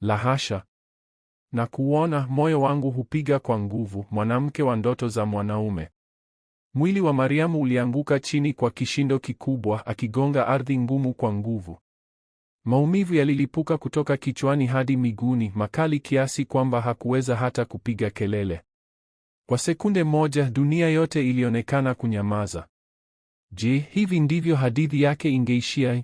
hasha! Na kuona moyo wangu hupiga kwa nguvu, mwanamke wa ndoto za mwanaume. Mwili wa Mariamu ulianguka chini kwa kishindo kikubwa, akigonga ardhi ngumu kwa nguvu. Maumivu yalilipuka kutoka kichwani hadi miguuni, makali kiasi kwamba hakuweza hata kupiga kelele. Kwa sekunde moja, dunia yote ilionekana kunyamaza. Je, hivi ndivyo hadithi yake ingeishia?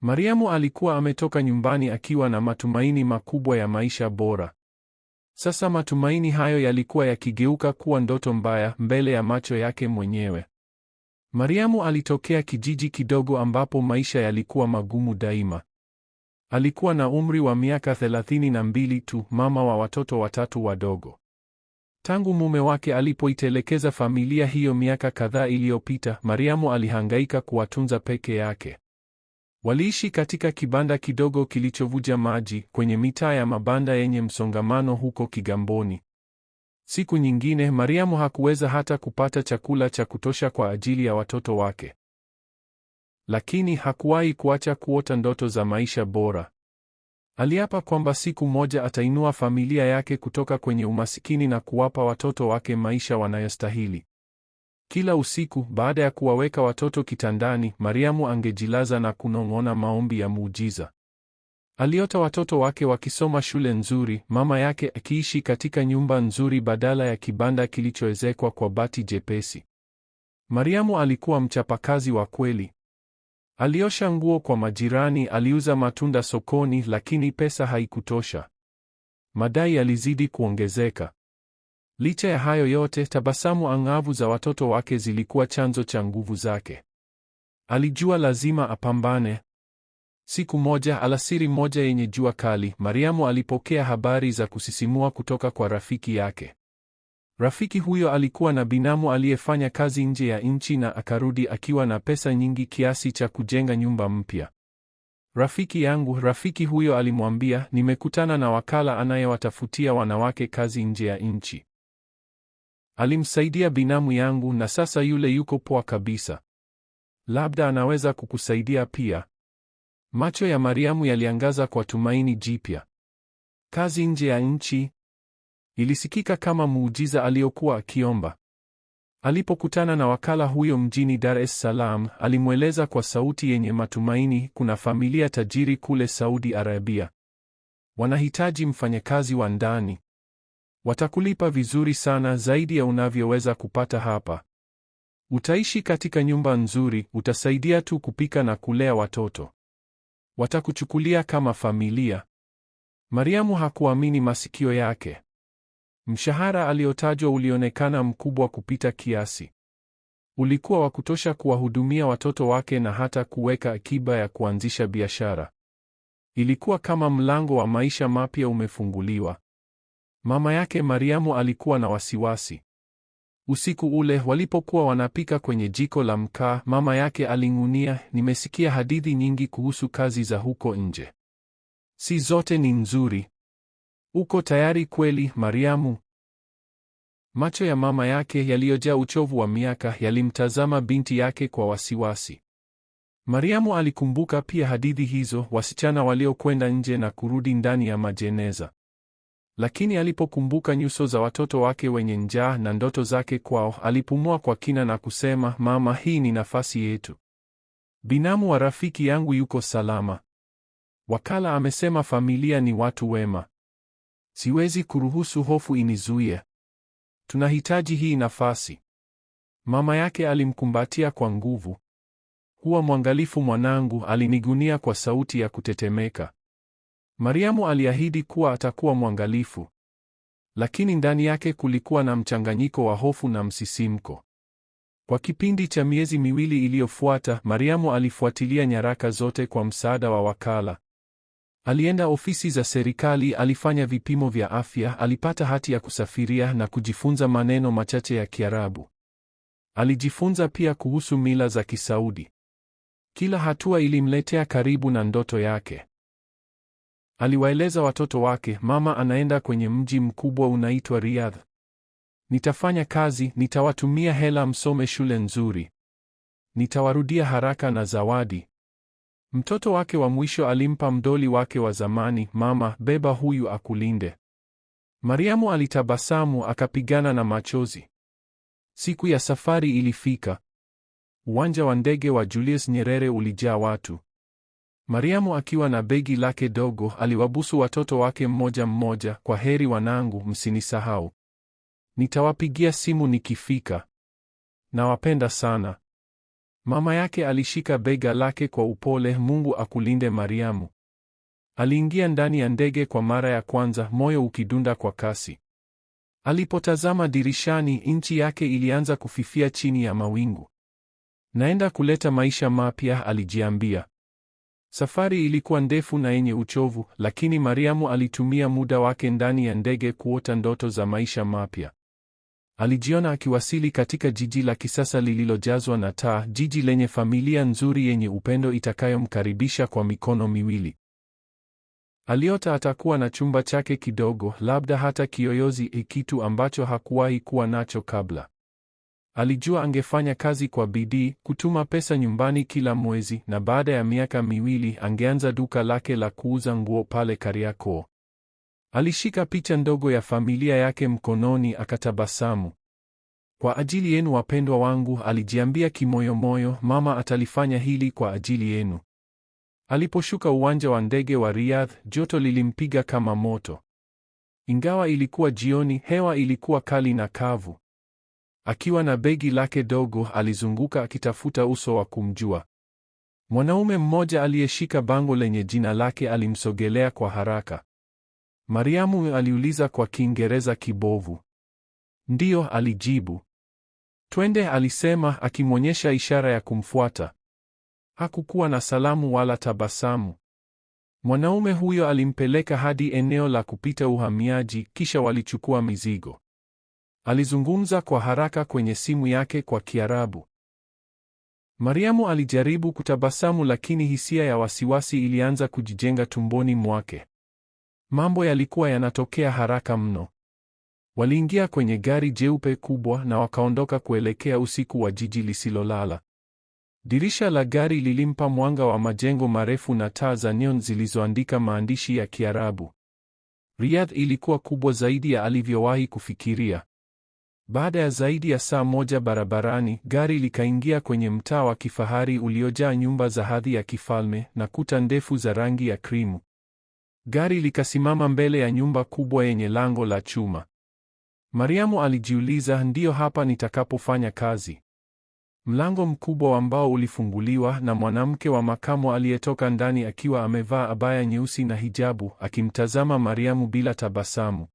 Mariamu alikuwa ametoka nyumbani akiwa na matumaini makubwa ya maisha bora. Sasa matumaini hayo yalikuwa yakigeuka kuwa ndoto mbaya mbele ya macho yake mwenyewe. Mariamu alitokea kijiji kidogo ambapo maisha yalikuwa magumu daima. Alikuwa na umri wa miaka thelathini na mbili tu, mama wa watoto watatu wadogo. Tangu mume wake alipoitelekeza familia hiyo miaka kadhaa iliyopita, Mariamu alihangaika kuwatunza peke yake. Waliishi katika kibanda kidogo kilichovuja maji kwenye mitaa ya mabanda yenye msongamano huko Kigamboni. Siku nyingine Mariamu hakuweza hata kupata chakula cha kutosha kwa ajili ya watoto wake. Lakini hakuwahi kuacha kuota ndoto za maisha bora. Aliapa kwamba siku moja atainua familia yake kutoka kwenye umasikini na kuwapa watoto wake maisha wanayostahili. Kila usiku baada ya kuwaweka watoto kitandani, Mariamu angejilaza na kunong'ona maombi ya muujiza. Aliota watoto wake wakisoma shule nzuri, mama yake akiishi katika nyumba nzuri badala ya kibanda kilichoezekwa kwa bati jepesi. Mariamu alikuwa mchapakazi wa kweli. Aliosha nguo kwa majirani, aliuza matunda sokoni, lakini pesa haikutosha. Madai yalizidi kuongezeka. Licha ya hayo yote, tabasamu angavu za watoto wake zilikuwa chanzo cha nguvu zake. Alijua lazima apambane. Siku moja, alasiri moja yenye jua kali, Mariamu alipokea habari za kusisimua kutoka kwa rafiki yake. Rafiki huyo alikuwa na binamu aliyefanya kazi nje ya nchi na akarudi akiwa na pesa nyingi kiasi cha kujenga nyumba mpya. Rafiki yangu, rafiki huyo alimwambia, nimekutana na wakala anayewatafutia wanawake kazi nje ya nchi. Alimsaidia binamu yangu na sasa yule yuko poa kabisa. Labda anaweza kukusaidia pia. Macho ya Mariamu yaliangaza kwa tumaini jipya. Kazi nje ya nchi ilisikika kama muujiza aliyokuwa akiomba. Alipokutana na wakala huyo mjini Dar es Salaam, alimweleza kwa sauti yenye matumaini, kuna familia tajiri kule Saudi Arabia, wanahitaji mfanyakazi wa ndani. Watakulipa vizuri sana zaidi ya unavyoweza kupata hapa. Utaishi katika nyumba nzuri, utasaidia tu kupika na kulea watoto. Watakuchukulia kama familia. Mariamu hakuamini masikio yake. Mshahara aliotajwa ulionekana mkubwa kupita kiasi. Ulikuwa wa kutosha kuwahudumia watoto wake na hata kuweka akiba ya kuanzisha biashara. Ilikuwa kama mlango wa maisha mapya umefunguliwa. Mama yake Mariamu alikuwa na wasiwasi. Usiku ule walipokuwa wanapika kwenye jiko la mkaa, mama yake aling'unia, nimesikia hadithi nyingi kuhusu kazi za huko nje. Si zote ni nzuri. Uko tayari kweli, Mariamu? Macho ya mama yake yaliyojaa uchovu wa miaka yalimtazama binti yake kwa wasiwasi. Mariamu alikumbuka pia hadithi hizo, wasichana waliokwenda nje na kurudi ndani ya majeneza. Lakini alipokumbuka nyuso za watoto wake wenye njaa na ndoto zake kwao, alipumua kwa kina na kusema, mama, hii ni nafasi yetu. Binamu wa rafiki yangu yuko salama. Wakala amesema familia ni watu wema. Siwezi kuruhusu hofu inizuie. Tunahitaji hii nafasi. Mama yake alimkumbatia kwa nguvu. Kuwa mwangalifu mwanangu, alinigunia kwa sauti ya kutetemeka. Mariamu aliahidi kuwa atakuwa mwangalifu, lakini ndani yake kulikuwa na mchanganyiko wa hofu na msisimko. Kwa kipindi cha miezi miwili iliyofuata, Mariamu alifuatilia nyaraka zote kwa msaada wa wakala. Alienda ofisi za serikali, alifanya vipimo vya afya, alipata hati ya kusafiria na kujifunza maneno machache ya Kiarabu. Alijifunza pia kuhusu mila za Kisaudi. Kila hatua ilimletea karibu na ndoto yake. Aliwaeleza watoto wake, mama anaenda kwenye mji mkubwa unaitwa Riyadh. Nitafanya kazi, nitawatumia hela msome shule nzuri. Nitawarudia haraka na zawadi. Mtoto wake wa mwisho alimpa mdoli wake wa zamani, mama, beba huyu akulinde. Mariamu alitabasamu akapigana na machozi. Siku ya safari ilifika. Uwanja wa ndege wa Julius Nyerere ulijaa watu. Mariamu akiwa na begi lake dogo aliwabusu watoto wake mmoja mmoja, kwa heri wanangu, msinisahau. Nitawapigia simu nikifika. Nawapenda sana. Mama yake alishika bega lake kwa upole. Mungu akulinde Mariamu. Aliingia ndani ya ndege kwa mara ya kwanza, moyo ukidunda kwa kasi. Alipotazama dirishani, nchi yake ilianza kufifia chini ya mawingu. Naenda kuleta maisha mapya, alijiambia. Safari ilikuwa ndefu na yenye uchovu, lakini Mariamu alitumia muda wake ndani ya ndege kuota ndoto za maisha mapya. Alijiona akiwasili katika jiji la kisasa lililojazwa na taa, jiji lenye familia nzuri yenye upendo itakayomkaribisha kwa mikono miwili. Aliota atakuwa na chumba chake kidogo, labda hata kiyoyozi, kitu ambacho hakuwahi kuwa nacho kabla. Alijua angefanya kazi kwa bidii, kutuma pesa nyumbani kila mwezi, na baada ya miaka miwili angeanza duka lake la kuuza nguo pale Kariakoo. Alishika picha ndogo ya familia yake mkononi akatabasamu. Kwa ajili yenu wapendwa wangu, alijiambia kimoyomoyo, mama atalifanya hili kwa ajili yenu. Aliposhuka uwanja wa ndege wa Riyadh, joto lilimpiga kama moto. Ingawa ilikuwa jioni, hewa ilikuwa kali na kavu. Akiwa na begi lake dogo, alizunguka akitafuta uso wa kumjua. Mwanaume mmoja aliyeshika bango lenye jina lake alimsogelea kwa haraka. Mariamu aliuliza kwa Kiingereza kibovu. Ndiyo, alijibu. Twende, alisema akimwonyesha ishara ya kumfuata. Hakukuwa na salamu wala tabasamu. Mwanaume huyo alimpeleka hadi eneo la kupita uhamiaji, kisha walichukua mizigo. Alizungumza kwa haraka kwenye simu yake kwa Kiarabu. Mariamu alijaribu kutabasamu lakini hisia ya wasiwasi ilianza kujijenga tumboni mwake. Mambo yalikuwa yanatokea haraka mno. Waliingia kwenye gari jeupe kubwa na wakaondoka kuelekea usiku wa jiji lisilolala. Dirisha la gari lilimpa mwanga wa majengo marefu na taa za neon zilizoandika maandishi ya Kiarabu. Riyadh ilikuwa kubwa zaidi ya alivyowahi kufikiria. Baada ya zaidi ya saa moja barabarani, gari likaingia kwenye mtaa wa kifahari uliojaa nyumba za hadhi ya kifalme na kuta ndefu za rangi ya krimu. Gari likasimama mbele ya nyumba kubwa yenye lango la chuma. Mariamu alijiuliza, ndiyo hapa nitakapofanya kazi? Mlango mkubwa wa mbao ulifunguliwa na mwanamke wa makamo aliyetoka ndani akiwa amevaa abaya nyeusi na hijabu, akimtazama Mariamu bila tabasamu.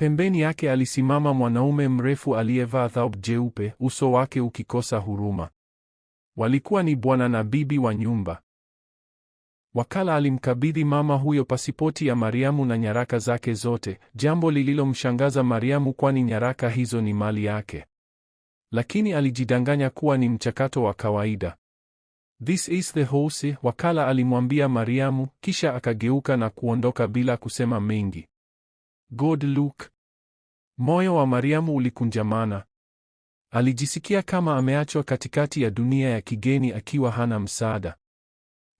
Pembeni yake alisimama mwanaume mrefu aliyevaa thawb jeupe, uso wake ukikosa huruma. Walikuwa ni bwana na bibi wa nyumba. Wakala alimkabidhi mama huyo pasipoti ya Mariamu na nyaraka zake zote, jambo lililomshangaza Mariamu kwani nyaraka hizo ni mali yake. Lakini alijidanganya kuwa ni mchakato wa kawaida. This is the house, wakala alimwambia Mariamu, kisha akageuka na kuondoka bila kusema mengi. God look. Moyo wa Mariamu ulikunjamana. Alijisikia kama ameachwa katikati ya dunia ya kigeni akiwa hana msaada.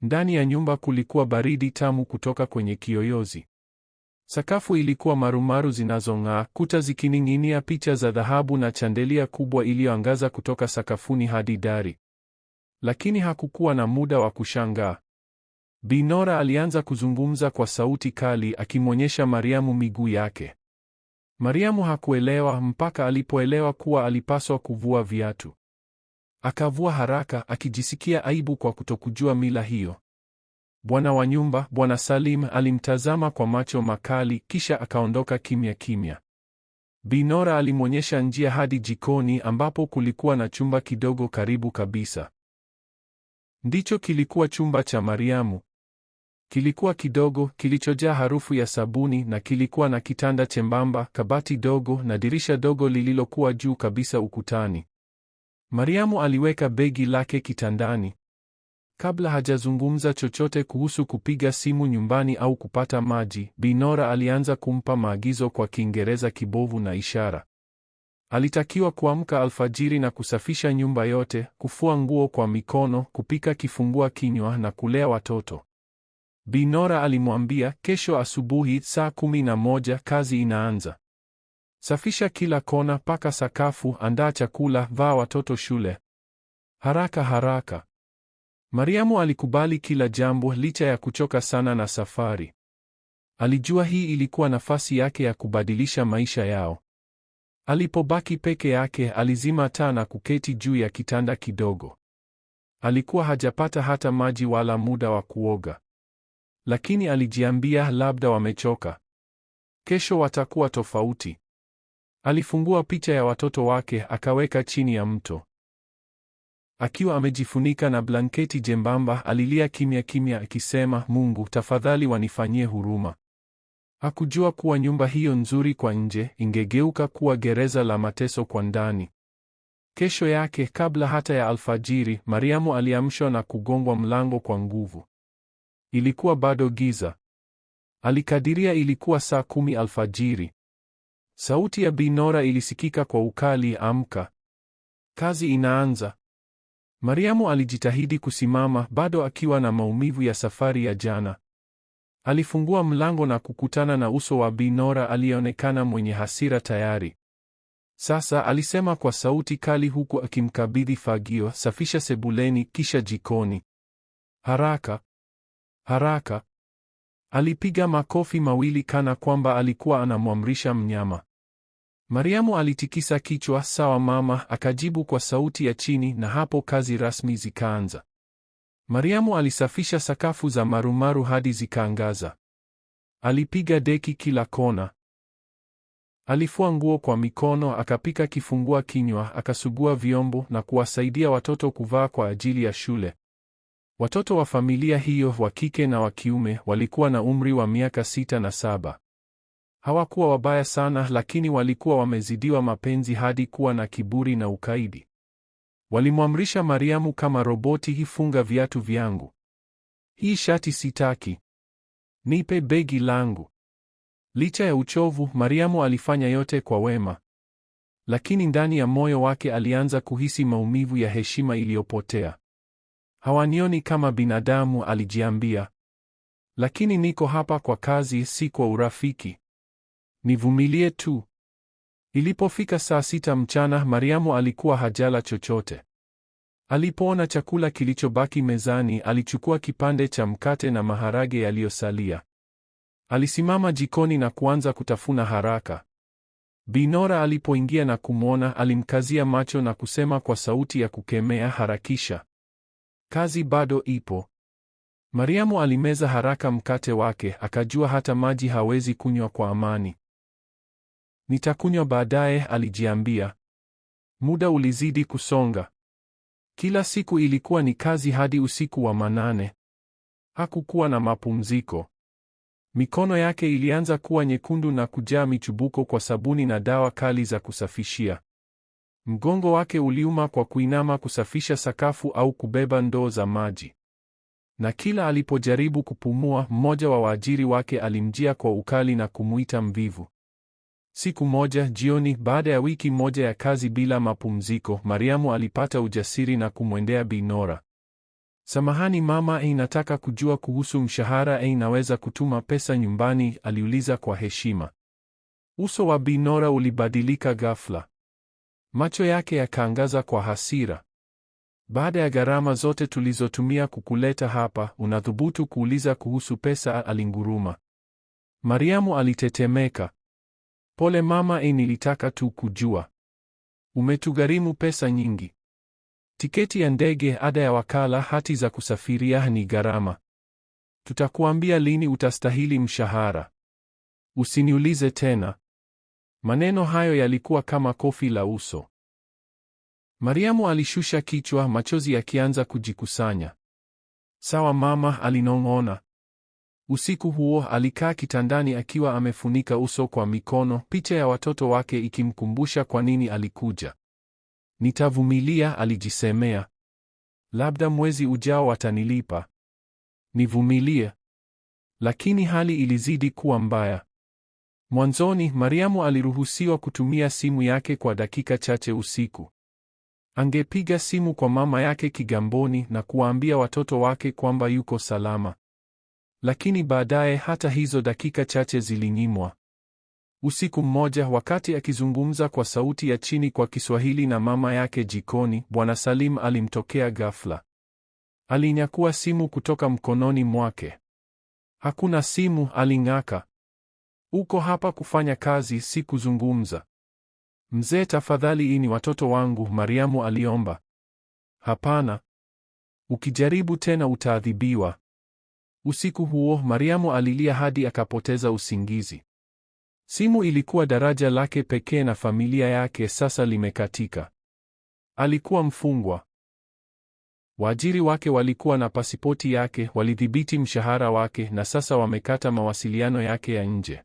Ndani ya nyumba kulikuwa baridi tamu kutoka kwenye kiyoyozi. Sakafu ilikuwa marumaru zinazong'aa, kuta zikining'inia picha za dhahabu na chandelia kubwa iliyoangaza kutoka sakafuni hadi dari. Lakini hakukuwa na muda wa kushangaa binora alianza kuzungumza kwa sauti kali akimwonyesha Mariamu miguu yake. Mariamu hakuelewa mpaka alipoelewa kuwa alipaswa kuvua viatu. Akavua haraka akijisikia aibu kwa kutokujua mila hiyo. Bwana wa nyumba, Bwana Salim alimtazama kwa macho makali kisha akaondoka kimya kimya. Binora alimwonyesha njia hadi jikoni ambapo kulikuwa na chumba kidogo karibu kabisa. Ndicho kilikuwa chumba cha Mariamu, Kilikuwa kidogo, kilichojaa harufu ya sabuni na kilikuwa na kitanda chembamba, kabati dogo na dirisha dogo lililokuwa juu kabisa ukutani. Mariamu aliweka begi lake kitandani. Kabla hajazungumza chochote kuhusu kupiga simu nyumbani au kupata maji, binora alianza kumpa maagizo kwa Kiingereza kibovu na ishara. Alitakiwa kuamka alfajiri na kusafisha nyumba yote, kufua nguo kwa mikono, kupika kifungua kinywa na kulea watoto binora alimwambia, kesho asubuhi saa kumi na moja kazi inaanza. Safisha kila kona, paka sakafu, andaa chakula, vaa watoto shule. Haraka haraka. Mariamu alikubali kila jambo licha ya kuchoka sana na safari. Alijua hii ilikuwa nafasi yake ya kubadilisha maisha yao. Alipobaki peke yake, alizima taa na kuketi juu ya kitanda kidogo. Alikuwa hajapata hata maji wala muda wa kuoga. Lakini alijiambia labda wamechoka, kesho watakuwa tofauti. Alifungua picha ya watoto wake akaweka chini ya mto. Akiwa amejifunika na blanketi jembamba, alilia kimya kimya akisema, Mungu tafadhali, wanifanyie huruma. Hakujua kuwa nyumba hiyo nzuri kwa nje ingegeuka kuwa gereza la mateso kwa ndani. Kesho yake, kabla hata ya alfajiri, Mariamu aliamshwa na kugongwa mlango kwa nguvu. Ilikuwa bado giza. Alikadiria ilikuwa saa kumi alfajiri. Sauti ya Binora ilisikika kwa ukali, amka, kazi inaanza. Mariamu alijitahidi kusimama, bado akiwa na maumivu ya safari ya jana. Alifungua mlango na kukutana na uso wa Binora aliyeonekana mwenye hasira tayari. Sasa, alisema kwa sauti kali, huku akimkabidhi fagio. Safisha sebuleni, kisha jikoni haraka haraka. Alipiga makofi mawili kana kwamba alikuwa anamwamrisha mnyama. Mariamu alitikisa kichwa. Sawa mama, akajibu kwa sauti ya chini, na hapo kazi rasmi zikaanza. Mariamu alisafisha sakafu za marumaru hadi zikaangaza. Alipiga deki kila kona. Alifua nguo kwa mikono, akapika kifungua kinywa, akasugua vyombo na kuwasaidia watoto kuvaa kwa ajili ya shule. Watoto wa familia hiyo wa kike na wa kiume walikuwa na umri wa miaka sita na saba. Hawakuwa wabaya sana, lakini walikuwa wamezidiwa mapenzi hadi kuwa na kiburi na ukaidi. Walimwamrisha Mariamu kama roboti, ifunga viatu vyangu, hii shati sitaki, nipe begi langu. Licha ya uchovu, Mariamu alifanya yote kwa wema, lakini ndani ya moyo wake alianza kuhisi maumivu ya heshima iliyopotea. Hawanioni kama binadamu, alijiambia. Lakini niko hapa kwa kazi, si kwa urafiki. Nivumilie tu. Ilipofika saa sita mchana, Mariamu alikuwa hajala chochote. Alipoona chakula kilichobaki mezani, alichukua kipande cha mkate na maharage yaliyosalia. Alisimama jikoni na kuanza kutafuna haraka. Binora alipoingia na kumwona, alimkazia macho na kusema kwa sauti ya kukemea, harakisha. Kazi bado ipo. Mariamu alimeza haraka mkate wake, akajua hata maji hawezi kunywa kwa amani. Nitakunywa baadaye, alijiambia. Muda ulizidi kusonga. Kila siku ilikuwa ni kazi hadi usiku wa manane. Hakukuwa na mapumziko. Mikono yake ilianza kuwa nyekundu na kujaa michubuko kwa sabuni na dawa kali za kusafishia. Mgongo wake uliuma kwa kuinama kusafisha sakafu au kubeba ndoo za maji. Na kila alipojaribu kupumua, mmoja wa waajiri wake alimjia kwa ukali na kumuita mvivu. Siku moja jioni, baada ya wiki moja ya kazi bila mapumziko, Mariamu alipata ujasiri na kumwendea Bi Nora. Samahani mama, inataka kujua kuhusu mshahara, inaweza kutuma pesa nyumbani? aliuliza kwa heshima. Uso wa Bi Nora ulibadilika ghafla. Macho yake yakaangaza kwa hasira. Baada ya gharama zote tulizotumia kukuleta hapa, unathubutu kuuliza kuhusu pesa? Alinguruma. Mariamu alitetemeka. Pole mama, e, nilitaka tu kujua. Umetugharimu pesa nyingi. Tiketi ya ndege, ada ya wakala, hati za kusafiria ni gharama. Tutakuambia lini utastahili mshahara. Usiniulize tena. Maneno hayo yalikuwa kama kofi la uso. Mariamu alishusha kichwa, machozi yakianza kujikusanya. Sawa mama, alinong'ona. Usiku huo alikaa kitandani akiwa amefunika uso kwa mikono, picha ya watoto wake ikimkumbusha kwa nini alikuja. Nitavumilia, alijisemea. Labda mwezi ujao watanilipa. Nivumilie. Lakini hali ilizidi kuwa mbaya. Mwanzoni Mariamu aliruhusiwa kutumia simu yake kwa dakika chache usiku. Angepiga simu kwa mama yake Kigamboni na kuwaambia watoto wake kwamba yuko salama. Lakini baadaye hata hizo dakika chache zilinyimwa. Usiku mmoja, wakati akizungumza kwa sauti ya chini kwa Kiswahili na mama yake jikoni, Bwana Salim alimtokea ghafla. Alinyakua simu kutoka mkononi mwake. Hakuna simu, aling'aka. Uko hapa kufanya kazi, si kuzungumza. Mzee, tafadhali, ini watoto wangu, Mariamu aliomba. Hapana, ukijaribu tena utaadhibiwa. Usiku huo Mariamu alilia hadi akapoteza usingizi. Simu ilikuwa daraja lake pekee na familia yake, sasa limekatika. Alikuwa mfungwa. Waajiri wake walikuwa na pasipoti yake, walidhibiti mshahara wake, na sasa wamekata mawasiliano yake ya nje.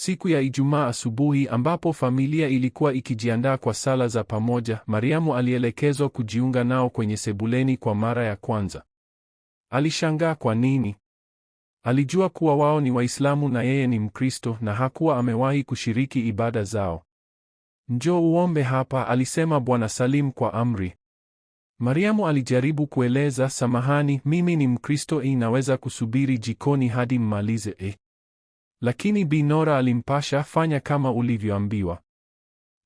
Siku ya Ijumaa asubuhi ambapo familia ilikuwa ikijiandaa kwa sala za pamoja, Mariamu alielekezwa kujiunga nao kwenye sebuleni kwa mara ya kwanza. Alishangaa kwa nini. Alijua kuwa wao ni Waislamu na yeye ni Mkristo na hakuwa amewahi kushiriki ibada zao. Njoo uombe hapa, alisema Bwana Salim kwa amri. Mariamu alijaribu kueleza, samahani, mimi ni Mkristo, inaweza kusubiri jikoni hadi mmalize eh. Lakini Binora alimpasha, fanya kama ulivyoambiwa.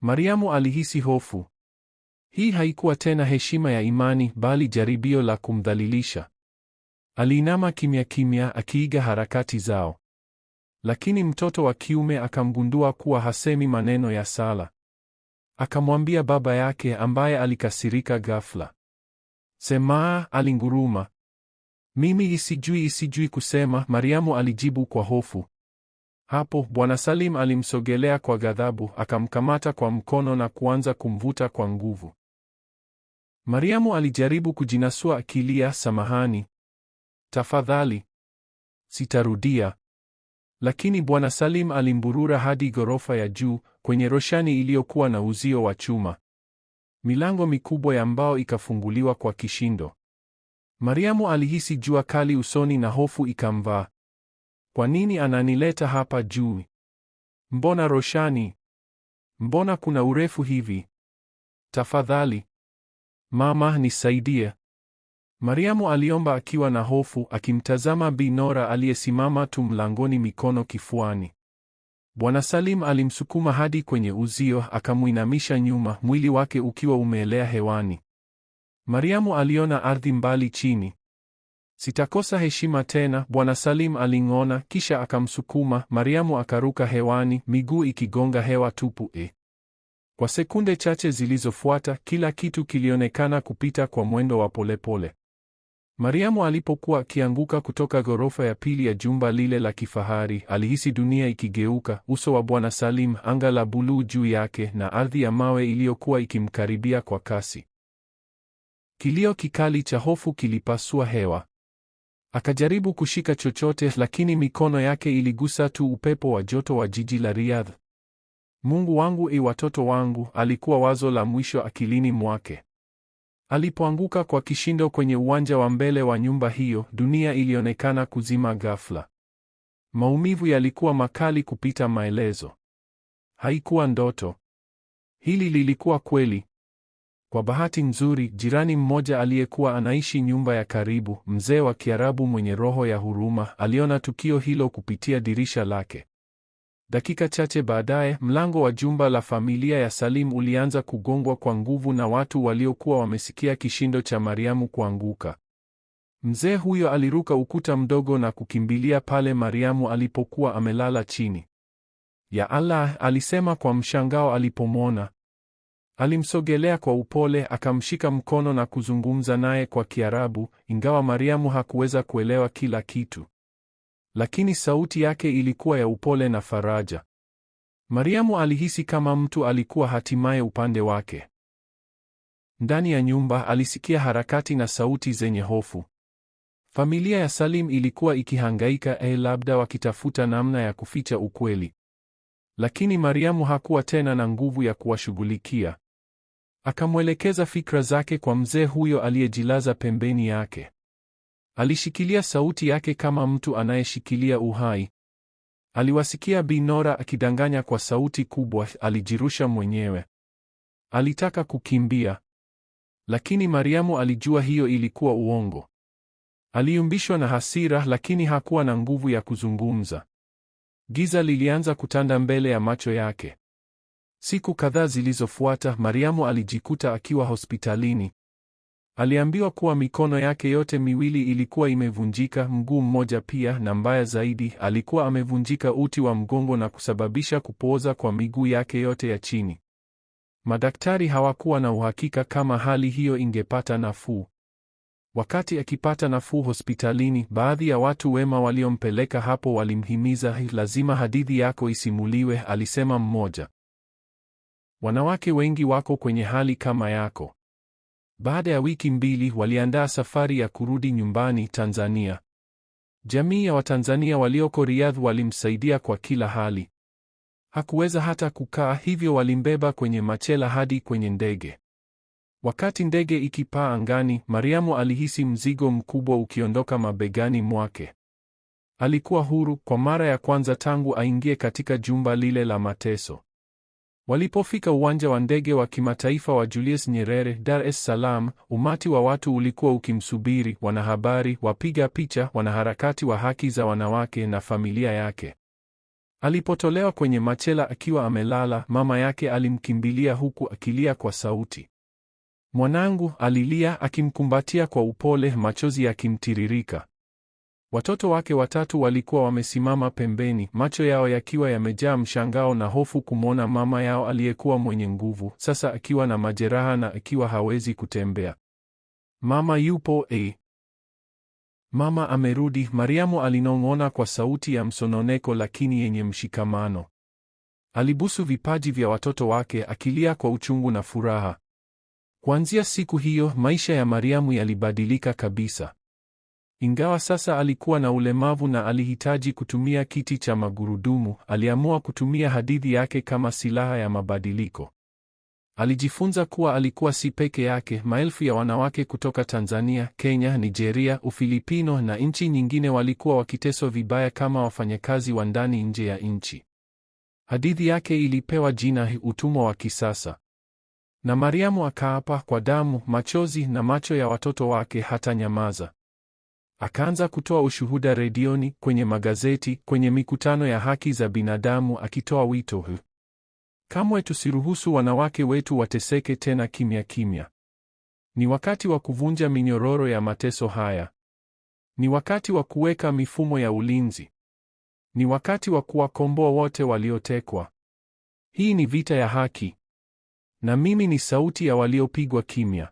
Mariamu alihisi hofu. Hii haikuwa tena heshima ya imani, bali jaribio la kumdhalilisha. Aliinama kimya kimya, akiiga harakati zao. Lakini mtoto wa kiume akamgundua kuwa hasemi maneno ya sala. Akamwambia baba yake ambaye alikasirika ghafla. Semaa, alinguruma. Mimi isijui isijui kusema, Mariamu alijibu kwa hofu. Hapo Bwana Salim alimsogelea kwa ghadhabu, akamkamata kwa mkono na kuanza kumvuta kwa nguvu. Mariamu alijaribu kujinasua akilia, samahani, tafadhali, sitarudia. Lakini Bwana Salim alimburura hadi ghorofa ya juu kwenye roshani iliyokuwa na uzio wa chuma. Milango mikubwa ya mbao ikafunguliwa kwa kishindo. Mariamu alihisi jua kali usoni na hofu ikamvaa. Kwa nini ananileta hapa juu? Mbona roshani? Mbona kuna urefu hivi? Tafadhali mama, nisaidie. Mariamu aliomba akiwa na hofu, akimtazama Bi Nora aliyesimama tu mlangoni, mikono kifuani. Bwana Salim alimsukuma hadi kwenye uzio, akamwinamisha nyuma, mwili wake ukiwa umeelea hewani. Mariamu aliona ardhi mbali chini. Sitakosa heshima tena, Bwana Salim aling'ona, kisha akamsukuma. Mariamu akaruka hewani, miguu ikigonga hewa tupu. E, kwa sekunde chache zilizofuata kila kitu kilionekana kupita kwa mwendo wa polepole. Mariamu alipokuwa akianguka kutoka ghorofa ya pili ya jumba lile la kifahari, alihisi dunia ikigeuka, uso wa Bwana Salim, anga la buluu juu yake na ardhi ya mawe iliyokuwa ikimkaribia kwa kasi. Kilio kikali cha hofu kilipasua hewa. Akajaribu kushika chochote, lakini mikono yake iligusa tu upepo wa joto wa jiji la Riyadh. Mungu wangu, i e watoto wangu, alikuwa wazo la mwisho akilini mwake. Alipoanguka kwa kishindo kwenye uwanja wa mbele wa nyumba hiyo, dunia ilionekana kuzima ghafla. Maumivu yalikuwa makali kupita maelezo. Haikuwa ndoto. Hili lilikuwa kweli. Kwa bahati nzuri, jirani mmoja aliyekuwa anaishi nyumba ya karibu, mzee wa Kiarabu mwenye roho ya huruma, aliona tukio hilo kupitia dirisha lake. Dakika chache baadaye, mlango wa jumba la familia ya Salim ulianza kugongwa kwa nguvu na watu waliokuwa wamesikia kishindo cha Mariamu kuanguka. Mzee huyo aliruka ukuta mdogo na kukimbilia pale Mariamu alipokuwa amelala chini. Ya Allah, alisema kwa mshangao alipomwona. Alimsogelea kwa upole akamshika mkono na kuzungumza naye kwa Kiarabu, ingawa Mariamu hakuweza kuelewa kila kitu, lakini sauti yake ilikuwa ya upole na faraja. Mariamu alihisi kama mtu alikuwa hatimaye upande wake. Ndani ya nyumba alisikia harakati na sauti zenye hofu. Familia ya Salim ilikuwa ikihangaika, eh, labda wakitafuta namna ya kuficha ukweli. Lakini Mariamu hakuwa tena na nguvu ya kuwashughulikia. Akamwelekeza fikra zake kwa mzee huyo aliyejilaza pembeni yake. Alishikilia sauti yake kama mtu anayeshikilia uhai. Aliwasikia Binora akidanganya kwa sauti kubwa, alijirusha mwenyewe. Alitaka kukimbia, lakini Mariamu alijua hiyo ilikuwa uongo. Aliumbishwa na hasira, lakini hakuwa na nguvu ya kuzungumza. Giza lilianza kutanda mbele ya macho yake. Siku kadhaa zilizofuata, Mariamu alijikuta akiwa hospitalini. Aliambiwa kuwa mikono yake yote miwili ilikuwa imevunjika, mguu mmoja pia, na mbaya zaidi, alikuwa amevunjika uti wa mgongo na kusababisha kupooza kwa miguu yake yote ya chini. Madaktari hawakuwa na uhakika kama hali hiyo ingepata nafuu. Wakati akipata nafuu hospitalini, baadhi ya watu wema waliompeleka hapo walimhimiza, lazima hadithi yako isimuliwe, alisema mmoja. Wanawake wengi wako kwenye hali kama yako. Baada ya wiki mbili, waliandaa safari ya kurudi nyumbani Tanzania. Jamii ya Watanzania walioko Riyadh walimsaidia kwa kila hali. Hakuweza hata kukaa, hivyo walimbeba kwenye machela hadi kwenye ndege. Wakati ndege ikipaa angani, Mariamu alihisi mzigo mkubwa ukiondoka mabegani mwake. Alikuwa huru kwa mara ya kwanza tangu aingie katika jumba lile la mateso. Walipofika uwanja wa ndege wa kimataifa wa Julius Nyerere, Dar es Salaam, umati wa watu ulikuwa ukimsubiri: wanahabari, wapiga picha, wanaharakati wa haki za wanawake na familia yake. Alipotolewa kwenye machela akiwa amelala, mama yake alimkimbilia huku akilia kwa sauti. Mwanangu, alilia akimkumbatia kwa upole, machozi yakimtiririka. Watoto wake watatu walikuwa wamesimama pembeni, macho yao yakiwa yamejaa mshangao na hofu kumwona mama yao aliyekuwa mwenye nguvu, sasa akiwa na majeraha na akiwa hawezi kutembea. Mama yupo eh? Mama amerudi, Mariamu alinong'ona kwa sauti ya msononeko lakini yenye mshikamano. Alibusu vipaji vya watoto wake akilia kwa uchungu na furaha. Kuanzia siku hiyo maisha ya Mariamu yalibadilika kabisa. Ingawa sasa alikuwa na ulemavu na alihitaji kutumia kiti cha magurudumu, aliamua kutumia hadithi yake kama silaha ya mabadiliko. Alijifunza kuwa alikuwa si peke yake. Maelfu ya wanawake kutoka Tanzania, Kenya, Nigeria, Ufilipino na nchi nyingine walikuwa wakiteswa vibaya kama wafanyakazi wa ndani nje ya nchi. Hadithi yake ilipewa jina utumwa wa kisasa. Na Mariamu akaapa kwa damu, machozi na macho ya watoto wake hata nyamaza. Akaanza kutoa ushuhuda redioni, kwenye magazeti, kwenye mikutano ya haki za binadamu akitoa wito huu. Kamwe tusiruhusu wanawake wetu wateseke tena kimya kimya. Ni wakati wa kuvunja minyororo ya mateso haya. Ni wakati wa kuweka mifumo ya ulinzi. Ni wakati wa kuwakomboa wote waliotekwa. Hii ni vita ya haki na mimi ni sauti ya waliopigwa kimya.